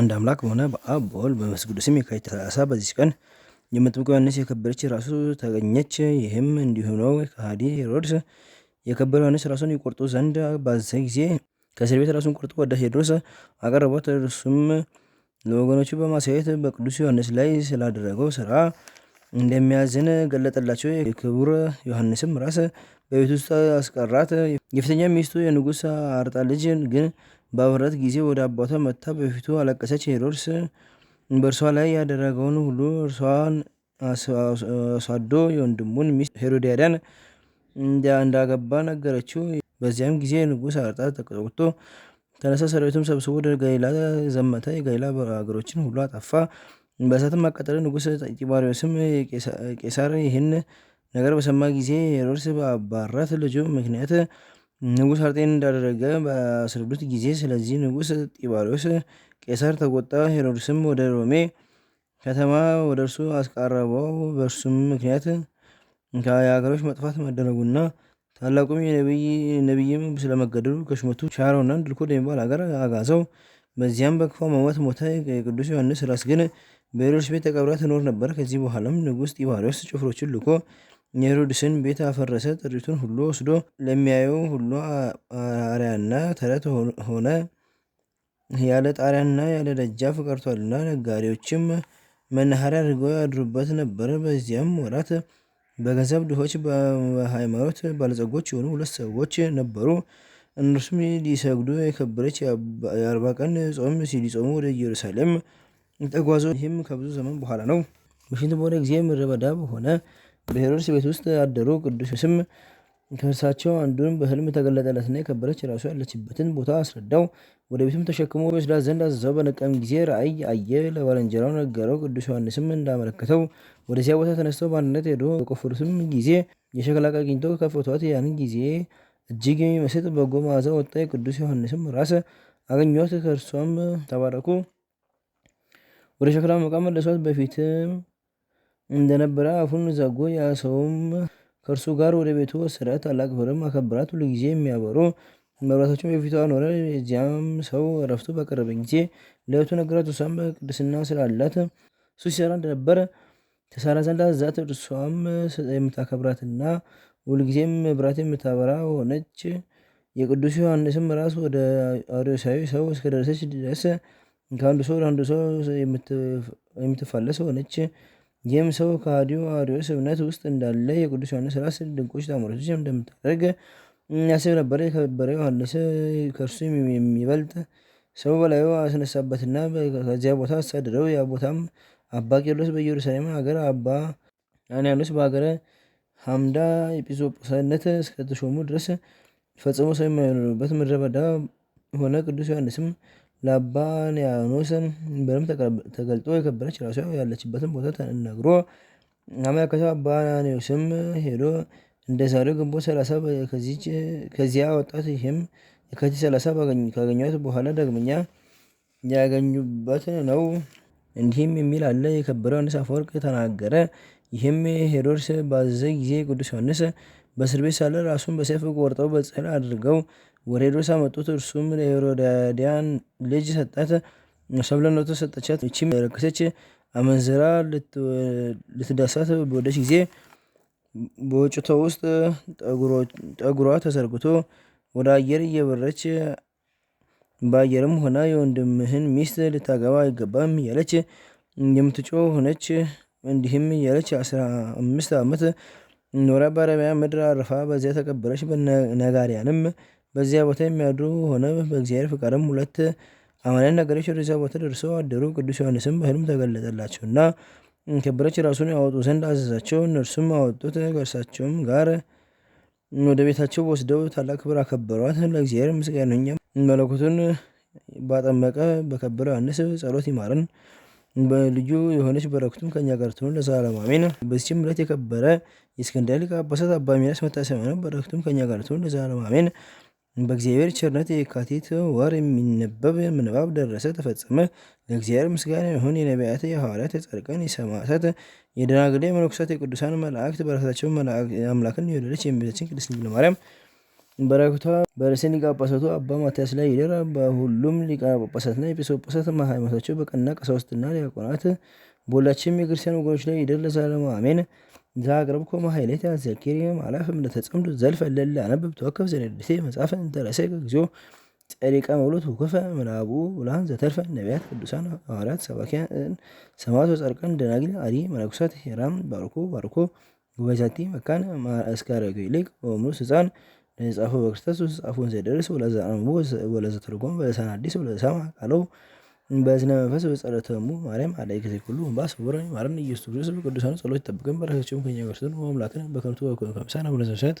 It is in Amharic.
አንድ አምላክ በሆነ በአብ በወልድ በመንፈስ ቅዱስ ስም የካቲት ሰላሳ በዚች ቀን የመጥምቁ ዮሐንስ የከበረች ራሱ ተገኘች። ይህም እንዲሁ ነው። ከሃዲ ሄሮድስ የከበረ ዮሐንስ ራሱን ይቆርጡ ዘንድ ባዘ ጊዜ ከእስር ቤት ራሱን ቆርጦ ወደ ሄሮድስ አቀረቧት። እርሱም ለወገኖቹ በማሳየት በቅዱስ ዮሐንስ ላይ ስላደረገው ስራ እንደሚያዝን ገለጠላቸው። የክቡር ዮሐንስም ራስ በቤት ውስጥ አስቀራት። የፊተኛ ሚስቱ የንጉሥ አርጣ ልጅ ግን በአብራት ጊዜ ወደ አባቷ መጥታ በፊቱ አለቀሰች። ሄሮድስ በእርሷ ላይ ያደረገውን ሁሉ እርሷን አሳዶ የወንድሙን ሚስት ሄሮዲያዳን እንዳገባ ነገረችው። በዚያም ጊዜ ንጉሥ አርጣ ተቆጥቶ ተነሳ። ሰራዊቱም ሰብስቦ ወደ ገሊላ ዘመተ። የገሊላ ሀገሮችን ሁሉ አጠፋ፣ በእሳትም አቃጠለ። ንጉሥ ጢባሪዎስም ቄሳር ይህን ነገር በሰማ ጊዜ ሄሮድስ በአባራት ልጁ ምክንያት ንጉሥ አርጤን እንዳደረገ በአስርዱት ጊዜ ስለዚህ ንጉሥ ጢባሪዎስ ቄሳር ተቆጣ። ሄሮድስም ወደ ሮሜ ከተማ ወደ እርሱ አስቃረበው። በእርሱም ምክንያት ከየሀገሮች መጥፋት መደረጉና ታላቁም ነቢይም ስለመገደሉ ከሽመቱ ሻሮና ድልኩድ የሚባል ሀገር አጋዘው። በዚያም በክፉ መሞት ሞተ። የቅዱስ ዮሐንስ ራስ ግን በሄሮድስ ቤት ተቀብራ ትኖር ነበር። ከዚህ በኋላም ንጉሥ ጢባሪዎስ ጭፍሮችን ልኮ የሄሮድስን ቤት አፈረሰ፣ ጥሪቱን ሁሉ ወስዶ ለሚያየው ሁሉ አርያና ተረት ሆነ። ያለ ጣሪያና ያለ ደጃፍ ቀርቷልና፣ ነጋዴዎችም መናኸሪያ አድርገው ያድሩበት ነበር። በዚያም ወራት በገንዘብ ድሆች፣ በሃይማኖት ባለጸጎች የሆኑ ሁለት ሰዎች ነበሩ። እነርሱም ሊሰግዱ የከበረች የአርባ ቀን ጾም ሲሊጾሙ ወደ ኢየሩሳሌም ተጓዙ። ይህም ከብዙ ዘመን በኋላ ነው። ምሽት በሆነ ጊዜ ምድረ በዳ በሆነ በሄሮድስ ቤት ውስጥ አደሩ። ቅዱስም ከእርሳቸው አንዱን በሕልም ተገለጠለትና የከበረች ራሱ ያለችበትን ቦታ አስረዳው። ወደ ቤቱም ተሸክሞ ይወስዳት ዘንድ አዘዘው። በነቀም ጊዜ ራእይ አየ፣ ለባለንጀራው ነገረው። ቅዱስ ዮሐንስም እንዳመለከተው ወደዚያ ቦታ ተነስተው በአንድነት ሄዶ በቆፈሩትም ጊዜ የሸክላ ዕቃ አግኝቶ ከፈቷት። ያን ጊዜ እጅግ የሚመስጥ በጎ መዓዛ ወጣ። የቅዱስ ዮሐንስም ራስ አገኟት፣ ከእርሷም ተባረኩ። ወደ ሸክላ መቃ መለሷት። በፊትም እንደነበረ አፉን ዘጎ ያ ሰውም ከእርሱ ጋር ወደ ቤቱ ወሰዳት። ታላቅ አከብራት ሁሉ ጊዜ የሚያበሩ መብራቶችን በፊቷ አኖረ። የዚያም ሰው እረፍቱ በቀረበ ጊዜ ለእህቱ ነገራት። እሷም ቅድስና ስላላት እሱ ሲሰራ እንደነበረ ተሳራ ዘንድ አዛት። እርሷም የምታከብራትና ሁልጊዜም መብራት የምታበራ ሆነች። የቅዱስ ዮሐንስም ራስ ወደ አርዮሳዊ ሰው እስከደረሰች ድረስ ከአንዱ ሰው ወደ አንዱ ሰው የምትፋለስ ሆነች። ይህም ሰው ከሃዲው አርዮስ እምነት ውስጥ እንዳለ የቅዱስ ዮሐንስ ራስ ድንቆች ተአምራቶች እንደምታደርግ ያስብ ነበር። የከበረ ዮሐንስ ከእርሱ የሚበልጥ ሰው በላዩ አስነሳበትና ከዚያ ቦታ አሳድረው። ያ ቦታም አባ ቄርሎስ በኢየሩሳሌም ሀገር፣ አባ አንያኖስ በሀገረ ሐምዳ ኤጲስቆጶስነት እስከተሾሙ ድረስ ፈጽሞ ሰው የማይኖርበት ምድረ በዳ ሆነ። ቅዱስ ዮሐንስም ላባንያኖስም በደንብ ተገልጦ የከበረች ራሷ ያለችበትን ቦታ ተነግሮ አመለከተው። አባንያኖስም ሄዶ እንደ ዛሬው ግንቦት ሰላሳ ከዚያ ወጣት። ይህም የካቲት ሰላሳ ካገኘት በኋላ ደግመኛ ያገኙበት ነው። እንዲህም የሚል አለ። የከበረው ዮሐንስ አፈወርቅ ተናገረ። ይህም ሄሮድስ ባዘዘ ጊዜ ቅዱስ ዮሐንስ በእስር ቤት ሳለ ራሱን በሰይፍ ቆርጠው በጽሕል አድርገው ወደ ዶሳ መጡት። እርሱም ለሄሮዳዲያን ልጅ ሰጣት፣ እርሷም ለእናቱ ሰጠቻት። እቺም ረከሰች አመንዝራ ልትዳሳት በወደች ጊዜ በወጭቷ ውስጥ ጠጉሯ ተሰርግቶ ወደ አየር እየበረች በአየርም ሆና የወንድምህን ሚስት ልታገባ አይገባም እያለች የምትጮ ሆነች። እንዲህም እያለች አስራ አምስት ዓመት ኖራ በአረቢያ ምድር አረፋ፣ በዚያ ተቀበረች። በነጋሪያንም በዚያ ቦታ የሚያድሩ ሆነ በእግዚአብሔር ፍቃድም ሁለት አማንያን ነገሮች ወደዚያ ቦታ ደርሰው አደሩ። ቅዱስ ዮሐንስም በህልም ተገለጠላቸው እና ከበረች ራሱን ያወጡ ዘንድ አዘዛቸው። እነርሱም አወጡት። ከእርሳቸውም ጋር ወደ ቤታቸው ወስደው ታላቅ ክብር አከበሯት። ለእግዚአብሔር ምስጋና ይሁን። መለኮቱን ባጠመቀ በከበረ ዮሐንስ ጸሎት ይማረን። በልዩ የሆነች በረከቱም ከኛ ጋር ትሁን ለዘላለም አሜን። በዚችም ዕለት የከበረ የእስክንድርያ ሊቀ ጳጳሳት አባ ሚናስ መታሰቢያ ነው። በረከቱም ከኛ ጋር ትሁን ለዘላለም አሜን። በእግዚአብሔር ቸርነት የካቲት ወር የሚነበብ ምንባብ ደረሰ፣ ተፈጸመ። ለእግዚአብሔር ምስጋና ይሁን። የነቢያት፣ የሐዋርያት፣ የጻድቃን፣ የሰማዕታት፣ የደናግል፣ የመነኮሳት፣ የቅዱሳን መላእክት በረከታቸው አምላክን የወለደች የእመቤታችን ቅድስት ድንግል ማርያም በረከቷ በርዕሰ ሊቃነ ጳጳሳቱ አባ ማትያስ ላይ ይደር። በሁሉም ሊቃነ ጳጳሳትና ኤጲሶጳሳት ሃይማኖታቸው በቀና ቀሳውስትና ዲያቆናት በሁላችንም የክርስቲያን ወገኖች ላይ ይደር ለዘላለሙ አሜን። ዘአቅርብኮ ማሕሌተ አትዘክሬ ማእላፈ እምነተጸምዱ ዘልፈ እለ አነብብ ተወከፍ ዘነድሴ መጽሐፈ እንተ ርእሰከ እግዚኦ ጸሪቀ መውሎት ውክፈ ምናቡ ብልሃን ዘተርፈ ነቢያት ቅዱሳን ሐዋርያት ሰባኪያን ሰማዕት ወጻድቃን ደናግል አዲ መነኮሳት ሄራም ባርኮ ባርኮ ጉባኤሳቲ መካን እስካረገ ይልቅ ወምሉስ ህፃን ለተጻፈው በክርስቶስ ተጻፎን ዘደርስ ወለዘ አንብቦ ወለዘ ተርጎም በለሳን አዲስ ወለዘ ሰማ ቃለው በስነ መንፈስ ሙ ማርያም አላይክቴ ኩሉ እምባስ ወረኝ ማረን ኢየሱስ ክርስቶስ በቅዱሳኑ ጸሎት ይጠብቀን። በረከታቸውም ከኛ ጋር ትኑር። አምላክን በከንቱ ከምሳና አቡነ ዘብሰት